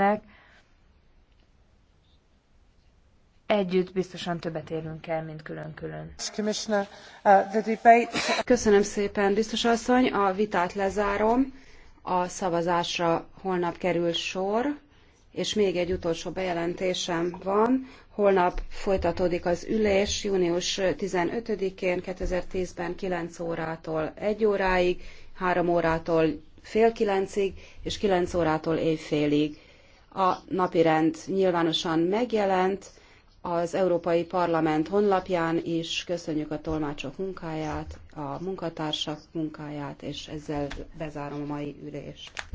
ennek. Együtt biztosan többet érünk el, mint külön-külön. Uh, Köszönöm szépen, biztos asszony. A vitát lezárom. A szavazásra holnap kerül sor. És még egy utolsó bejelentésem van. Holnap folytatódik az ülés, június 15-én 2010-ben 9 órától 1 óráig, 3 órától fél 9-ig, és 9 órától éjfélig a napirend nyilvánosan megjelent az Európai Parlament honlapján is. Köszönjük a tolmácsok munkáját, a munkatársak munkáját, és ezzel bezárom a mai ülést.